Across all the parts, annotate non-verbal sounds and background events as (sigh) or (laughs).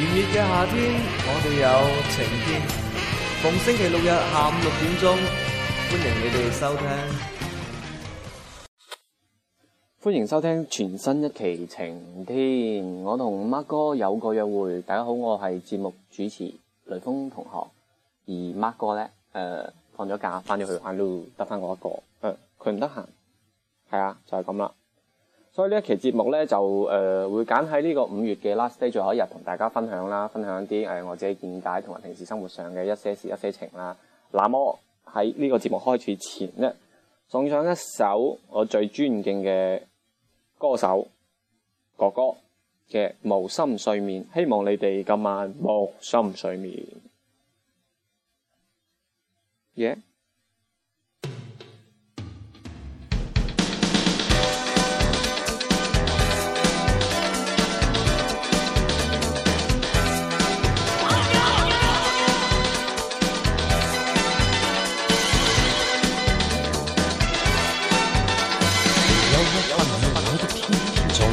炎熱嘅夏天，我哋有晴天。逢星期六日下午六點鐘，歡迎你哋收聽。歡迎收聽全新一期晴天。我同 Mark 哥有個約會。大家好，我係節目主持雷鋒同學。而 Mark 哥咧，誒、呃、放咗假，翻咗去，都得翻我一個。誒、呃，佢唔得閒。係啊，就係咁啦。所以呢一期節目咧就誒、呃、會揀喺呢個五月嘅 last day 最後一日同大家分享啦，分享一啲、呃、我自己見解同埋平時生活上嘅一些事、一些情啦。那麼喺呢個節目開始前咧，送上一首我最尊敬嘅歌手哥哥嘅《無心睡眠》，希望你哋今晚無心睡眠。耶、yeah?！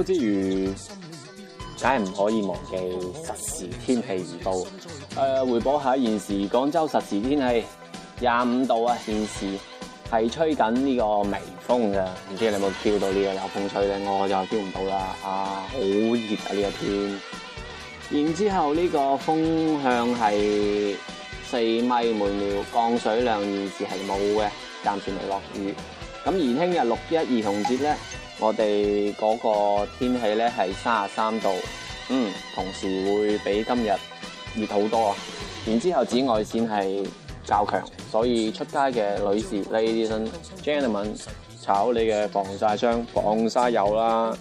之餘，梗係唔可以忘記實時天氣預報，報。誒，回報下現時廣州實時天氣，廿五度啊！現時係吹緊呢個微風嘅，唔知你有冇飄到呢個有風吹咧？我就飄唔到啦。啊，好熱啊呢個天！然之後呢個風向係四米每秒，降水量現時係冇嘅，暫時未落雨。咁而聽日六一兒童節咧。我哋嗰個天氣咧係三十三度，嗯，同時會比今日熱好多啊。然之後紫外線係較強，所以出街嘅女士呢，ladies and gentlemen 搽你嘅防曬霜、防曬油啦。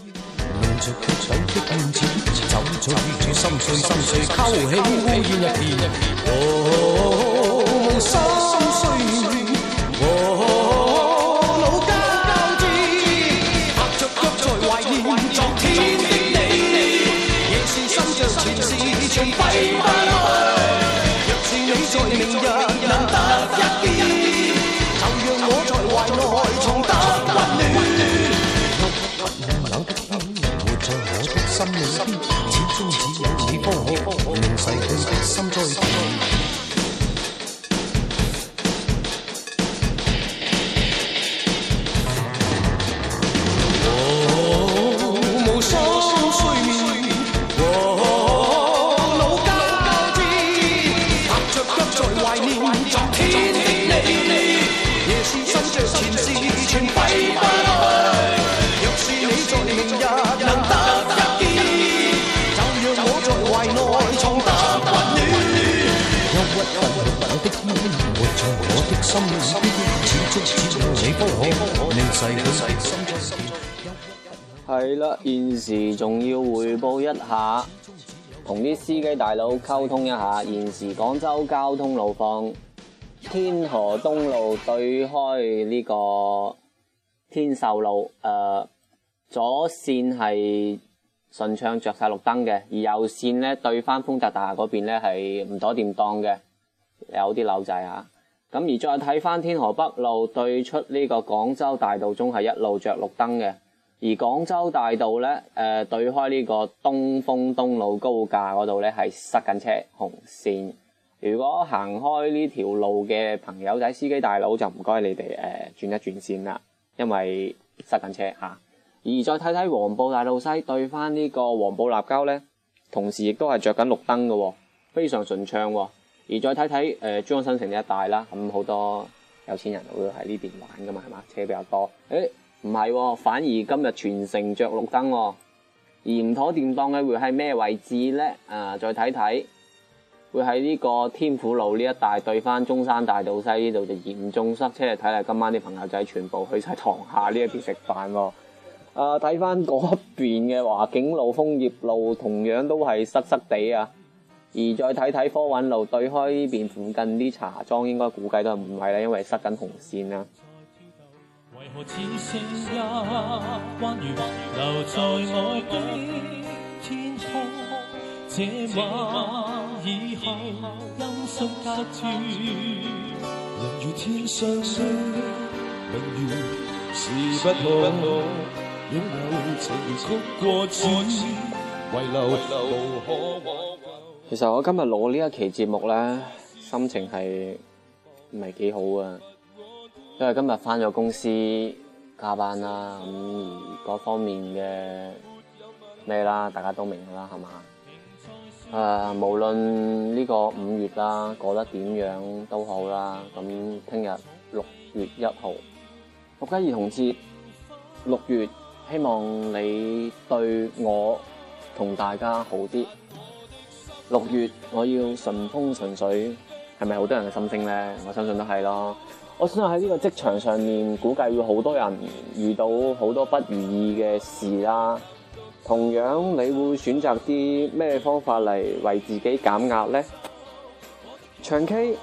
係啦，現時仲要匯報一下，同啲司機大佬溝通一下。現時廣州交通路況，天河東路對開呢個天秀路，誒、呃，左線係順暢着晒綠燈嘅，而右線呢對翻豐澤大廈嗰邊呢係唔多掂當嘅，有啲扭滯吓。咁而再睇翻天河北路對出呢個廣州大道中係一路着綠燈嘅，而廣州大道咧誒、呃、對開呢個東風東路高架嗰度咧係塞緊車紅線。如果行開呢條路嘅朋友仔、司機大佬就唔該你哋誒轉一轉線啦，因為塞緊車、啊。而再睇睇黃埔大道西對翻呢個黃埔立交咧，同時亦都係着緊綠燈嘅喎，非常順暢喎。而再睇睇、呃、中珠江新城呢一帶啦，咁、嗯、好多有錢人都會喺呢邊玩噶嘛，係嘛？車比較多。誒唔係，反而今日全城着綠燈喎、哦。而唔妥電檔嘅會喺咩位置咧？啊、呃，再睇睇，會喺呢個天府路呢一帶對翻中山大道西呢度就嚴重塞車。睇嚟今晚啲朋友仔全部去晒棠下呢一邊食飯喎、哦。啊、呃，睇翻嗰邊嘅華景路、楓葉路，同樣都係塞塞地啊！而再睇睇科韻路對開呢邊附近啲茶莊，應該估計都係唔係啦，因為塞緊紅線啦。其實我今日攞呢一期節目咧，心情係唔係幾好啊？因為今日翻咗公司加班啦，咁而嗰方面嘅咩啦，大家都明㗎啦，係嘛？誒，無論呢個五月啦過得點樣都好啦，咁聽日六月一號國家兒童節，六月希望你對我同大家好啲。六月我要順風順水，係咪好多人嘅心聲呢？我相信都係咯。我相信喺呢個職場上面，估計會好多人遇到好多不如意嘅事啦。同樣，你會選擇啲咩方法嚟為自己減壓呢？唱 K、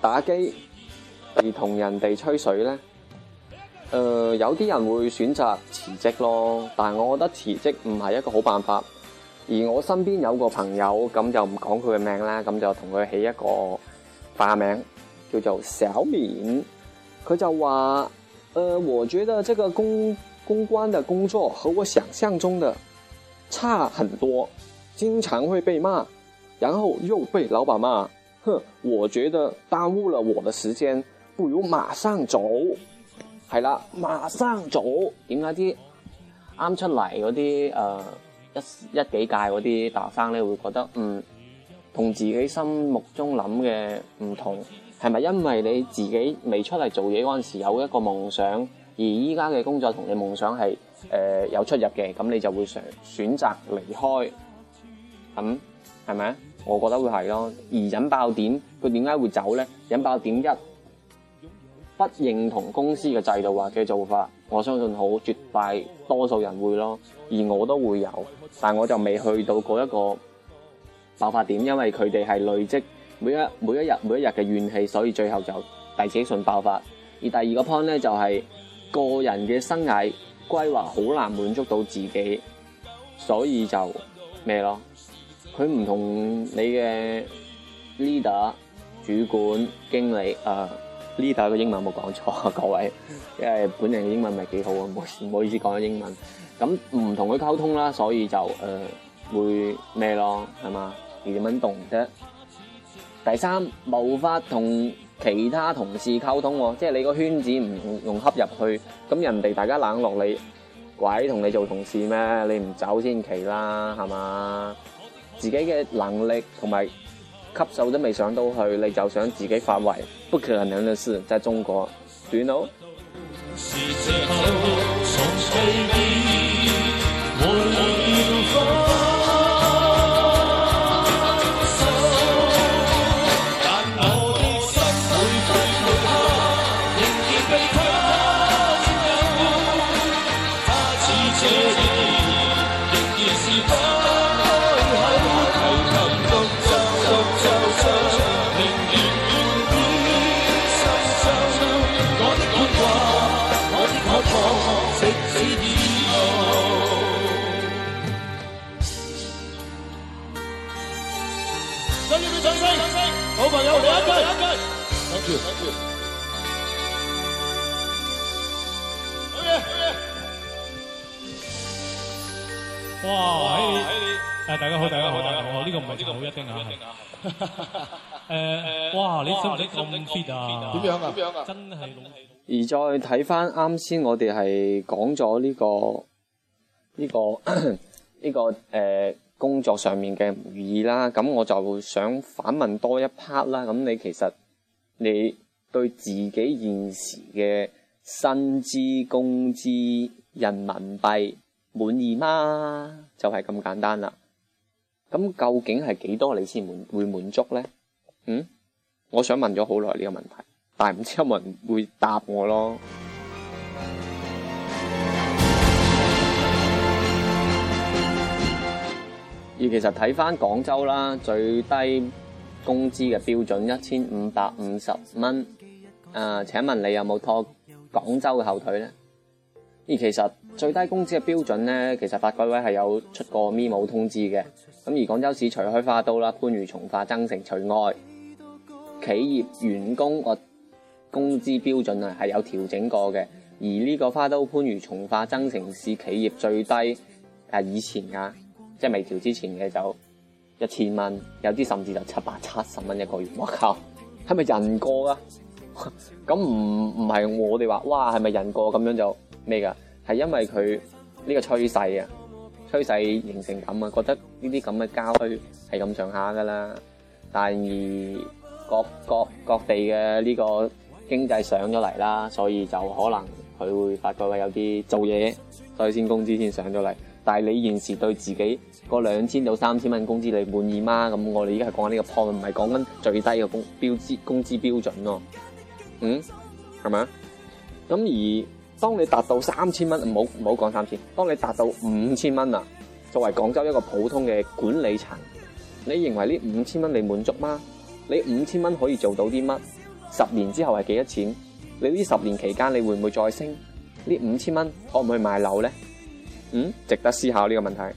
打機，而同人哋吹水呢？呃，有啲人會選擇辭職咯，但係我覺得辭職唔係一個好辦法。而我身邊有個朋友咁就唔講佢嘅名啦，咁就同佢起一個化名叫做小敏。佢就話：呃，我覺得這個公公關的工作和我想象中的差很多，經常會被罵，然後又被老闆罵。哼，我覺得耽誤了我的時間，不如馬上走。係啦，馬上走。點解啲啱出嚟嗰啲誒？呃一一幾屆嗰啲大學生咧，會覺得，嗯，同自己心目中諗嘅唔同，係咪因為你自己未出嚟做嘢嗰陣時有一個夢想，而依家嘅工作同你夢想係誒、呃、有出入嘅，咁你就會想選擇離開，咁係咪？我覺得會係咯，而引爆點佢點解會走咧？引爆點一。不認同公司嘅制度或嘅做法，我相信好絕大多數人會咯，而我都會有，但係我就未去到嗰一個爆發點，因為佢哋係累積每一每一日每一日嘅怨氣，所以最後就遞紙信爆發。而第二個 point 咧就係、是、個人嘅生涯規劃好難滿足到自己，所以就咩咯？佢唔同你嘅 leader、主管、經理啊。呃呢度嘅英文冇講錯啊，各位，因為本人嘅英文咪幾好啊，唔好意思講英文。咁唔同佢溝通啦，所以就誒會咩咯，係嘛？你點樣動啫？第三，無法同其他同事溝通哦，即係你個圈子唔融洽入去，咁人哋大家冷落你，鬼同你做同事咩？你唔走先奇啦，係嘛？自己嘅能力同埋。吸手都未上到去，你就想自己發圍，不可能的事，在中國，Do you know? (music) 大家，大，家大家好，大家好，大家好。呢、這個唔係呢個好一定啊！誒、這個 (laughs) 呃，哇！你身、嗯、你咁 fit 啊？點樣啊？點樣啊？真係而再睇翻啱先，我哋係講咗呢個呢、這個呢個、呃、工作上面嘅意啦。咁我就想反問多一 part 啦。咁你其實你對自己現時嘅薪資工資人民幣滿意嗎？就係、是、咁簡單啦。咁究竟係幾多你先滿會滿足咧？嗯，我想問咗好耐呢個問題，但係唔知有冇人會答我咯？嗯、而其實睇翻廣州啦，最低工資嘅標準一千五百五十蚊。誒、呃，請問你有冇拖廣州嘅後腿咧？而其實最低工資嘅標準咧，其實發改委係有出過咪冇通知嘅。咁而廣州市除開花都啦、番禺、從化、增城除外，企業員工個工資標準啊係有調整過嘅。而呢個花都、番禺、從化、增城市企業最低啊、呃、以前啊，即係未調之前嘅就一千蚊，有啲甚至就七百七十蚊一個月。我靠，係咪人過啊？咁唔唔係我哋話哇，係咪人過咁樣就？咩噶？係因為佢呢個趨勢啊，趨勢形成咁啊，覺得呢啲咁嘅家居係咁上下噶啦。但而各各各地嘅呢個經濟上咗嚟，啦，所以就可能佢會發覺有啲做嘢，所以先工資先上咗嚟。但係你現時對自己嗰兩千到三千蚊工資你滿意嗎？咁我哋而家係講緊呢個 point，唔係講緊最低嘅工標準工資標準咯，啊。嗯，係咪啊？咁而。當你達到三千蚊，唔好唔好講三千，當你達到五千蚊啦，作為廣州一個普通嘅管理層，你認為呢五千蚊你滿足嗎？你五千蚊可以做到啲乜？十年之後係幾多錢？你呢十年期間你會唔會再升？呢五千蚊可唔可以買樓咧？嗯，值得思考呢個問題。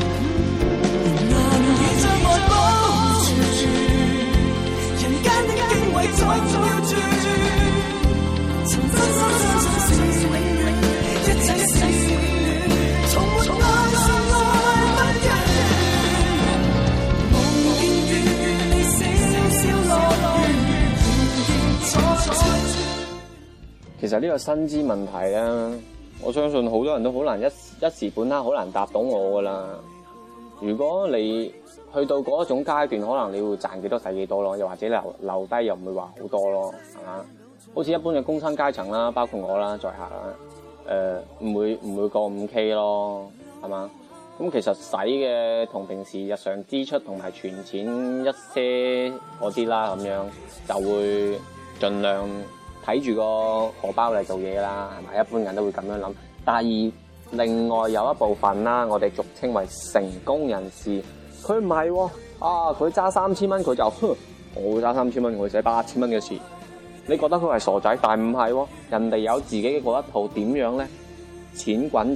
就呢個薪資問題咧，我相信好多人都好難一一時半刻好難答到我㗎喇。如果你去到嗰一種階段，可能你會賺幾多使幾多咯，又或者留留低又唔會話好多咯，係嘛？好似一般嘅工薪階層啦，包括我啦在下啦，誒、呃、唔會唔會過五 K 咯，係嘛？咁其實使嘅同平時日常支出同埋存錢一些嗰啲啦，咁樣就會盡量。睇住個荷包嚟做嘢啦，係咪？一般人都會咁樣諗。第二，另外有一部分啦，我哋俗稱為成功人士，佢唔係喎，啊佢揸三千蚊佢就，我會揸三千蚊佢使八千蚊嘅事。你覺得佢係傻仔，但唔係喎？人哋有自己嘅一套，點樣咧？錢滾錢，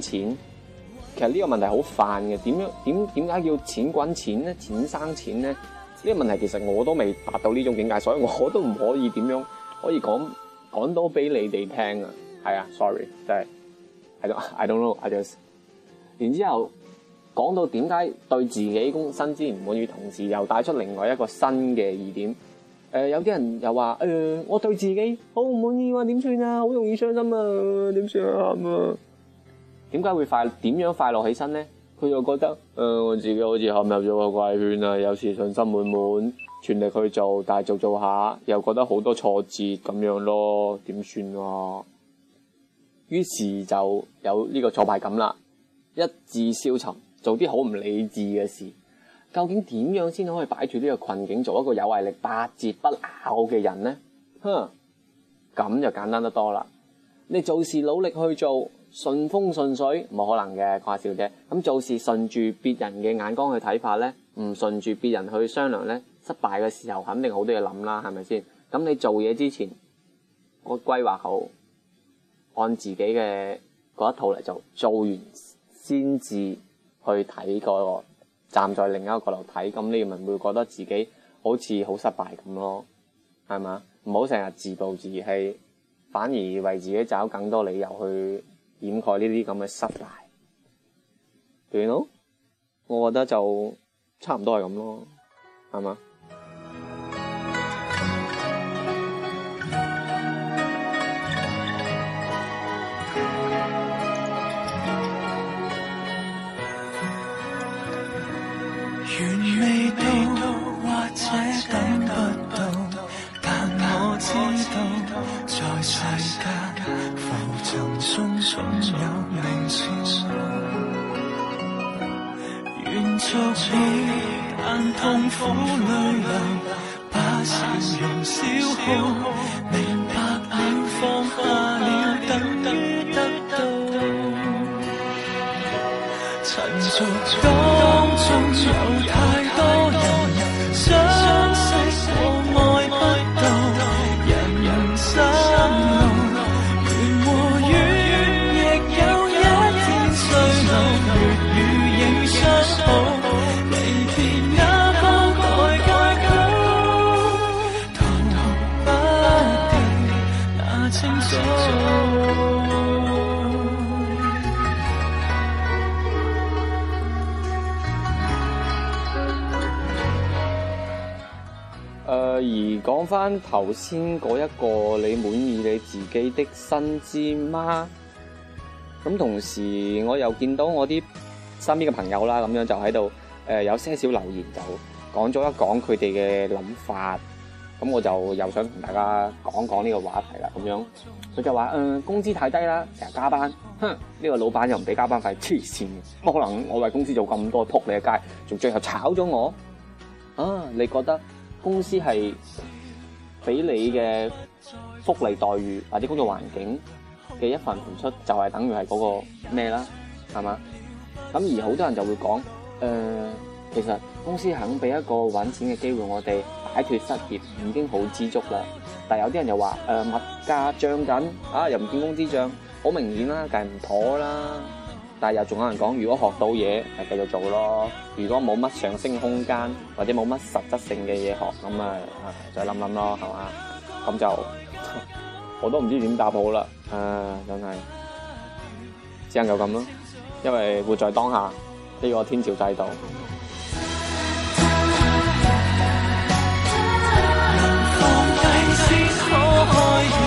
其實呢個問題好煩嘅。點樣點點解叫錢滾錢咧？錢生錢咧？呢、這個問題其實我都未達到呢種境界，所以我都唔可以點樣可以講。講到俾你哋聽啊，係啊，sorry，真係，I don't I don't know I just，然之後講到點解對自己工薪資唔滿意，同時又帶出另外一個新嘅疑點，誒、呃，有啲人又話，誒、呃，我對自己好唔滿意，哦、啊，點算啊，好容易傷心啊，點算啊，點解會快？點樣快樂起身咧？佢又覺得，誒、呃，我自己好似陷入咗個怪圈啊，有時信心滿滿。全力去做，但係做做下又覺得好多挫折咁樣咯，點算啊？於是就有呢個挫敗感啦，意志消沉，做啲好唔理智嘅事。究竟點樣先可以擺脫呢個困境，做一個有毅力百折不撓嘅人呢？哼，咁就簡單得多啦。你做事努力去做，順風順水冇可能嘅，掛少啫。咁做事順住別人嘅眼光去睇法咧。唔順住別人去商量咧，失敗嘅時候肯定好多嘢諗啦，係咪先？咁你做嘢之前，我規劃好，按自己嘅嗰一套嚟做，做完先至去睇個，站在另一個角度睇，咁你咪會覺得自己好似好失敗咁咯，係咪？唔好成日自暴自棄，反而為自己找更多理由去掩蓋呢啲咁嘅失敗。對 you 咯 know？我覺得就。差唔多係咁咯，係嘛？頭先嗰一個你滿意你自己的薪資嗎？咁同時我又見到我啲身邊嘅朋友啦，咁樣就喺度誒、有些少留言，就講咗一講佢哋嘅諗法。咁我就又想同大家講講呢個話題啦，咁樣佢就話嗯、呃，工資太低啦，成日加班，哼呢、呢個老闆又唔俾加班費，黐線嘅，可能我為公司做咁多撲你嘅街，仲最後炒咗我啊？你覺得公司係？俾你嘅福利待遇或者工作環境嘅一份付出，就係等於係嗰個咩啦，係嘛？咁而好多人就會講，誒、呃，其實公司肯俾一個揾錢嘅機會我哋，擺脫失業已經好知足啦。但係有啲人又話，誒、呃、物價漲緊，啊又唔見工資漲，好明顯啦，梗係唔妥啦。但係又仲有人講，如果學到嘢，係繼續做咯；如果冇乜上升空間，或者冇乜實質性嘅嘢學，咁啊，再諗諗咯，係嘛？咁就我都唔知點答好啦，啊，真係只能夠咁咯，因為活在當下呢個天朝制度。 (music)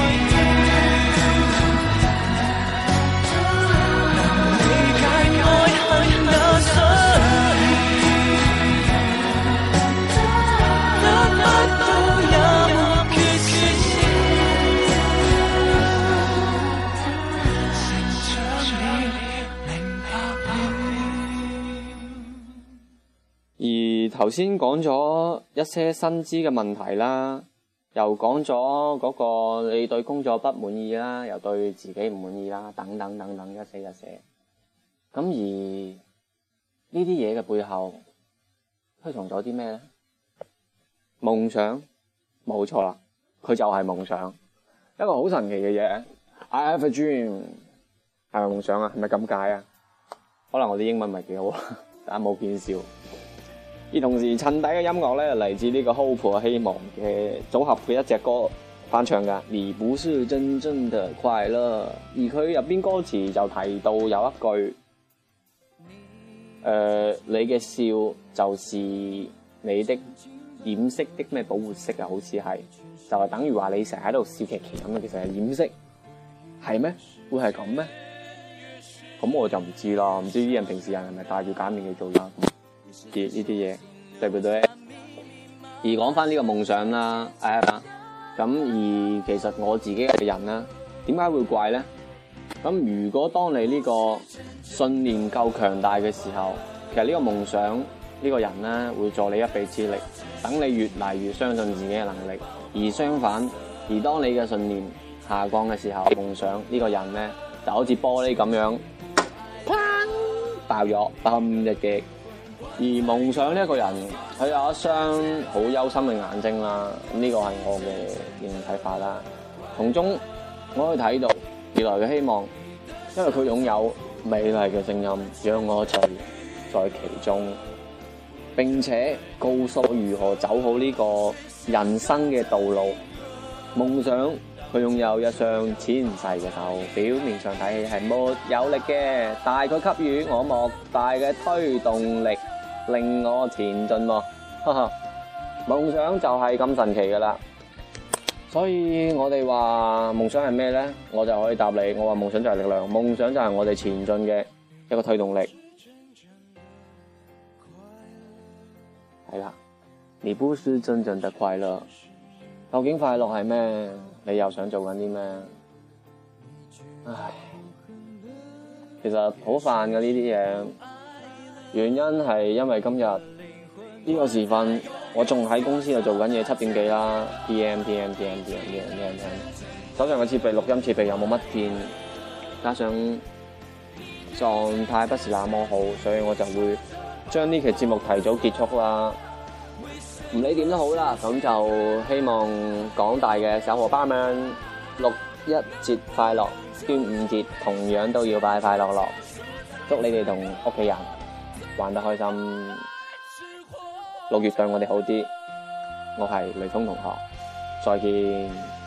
頭先講咗一些薪資嘅問題啦，又講咗嗰個你對工作不滿意啦，又對自己唔滿意啦，等等等等，一些一些。咁而呢啲嘢嘅背後推崇咗啲咩咧？夢想，冇錯啦，佢就係夢想，一個好神奇嘅嘢。I have a dream，係咪夢想啊？係咪咁解啊？可能我啲英文唔係幾好啊，但冇見笑。而同時，襯底嘅音樂咧嚟自呢個 Hope 希望嘅組合，配一隻歌翻唱嘅。你不是真正的快樂，而佢入邊歌詞就提到有一句，誒、呃，你嘅笑就是你的掩飾的咩保護色啊，好似係，就係等於話你成日喺度笑騎騎咁啊，其實係掩飾，係咩？會係咁咩？咁我就唔知啦，唔知啲人平時人係咪戴住假面去做嘢。呢啲嘢對唔對，而講翻呢個夢想啦，誒，咁而其實我自己嘅人啦，點解會怪咧？咁如果當你呢個信念夠強大嘅時候，其實呢個夢想呢、呢個人咧會助你一臂之力，等你越嚟越相信自己嘅能力。而相反，而當你嘅信念下降嘅時候，夢想呢、呢個人咧就好似玻璃咁樣，砰，爆咗不堪一擊嘅而夢想呢一個人，佢有一雙好憂心嘅眼睛啦，呢個係我嘅認睇法啦。從中我可以睇到未來嘅希望，因為佢擁有美麗嘅聲音，讓我一齊其中，並且告訴如何走好呢個人生嘅道路。夢想。佢擁有一雙纖細嘅手，表面上睇起係冇有力嘅，但係佢給予我莫大嘅推動力，令我前進。哈哈，夢想就係咁神奇噶啦！所以我哋話夢想係咩咧？我就可以答你，我話夢想就係力量，夢想就係我哋前進嘅一個推動力。係啦，你不是真正的快樂，究竟快樂係咩？你又想做緊啲咩？唉，其實好煩嘅呢啲嘢。原因係因為今日呢個時分，我仲喺公司度做緊嘢，七點幾啦。PM PM PM PM PM PM，PM，手上嘅設備錄音設備又冇乜變，加上狀態不是那麼好，所以我就會將呢期節目提早結束啦。唔理點都好啦，咁就希望廣大嘅小伙伴們六一節快樂，端午節同樣都要快快樂樂，祝你哋同屋企人玩得開心，六月對我哋好啲。我係雷聰同學，再見。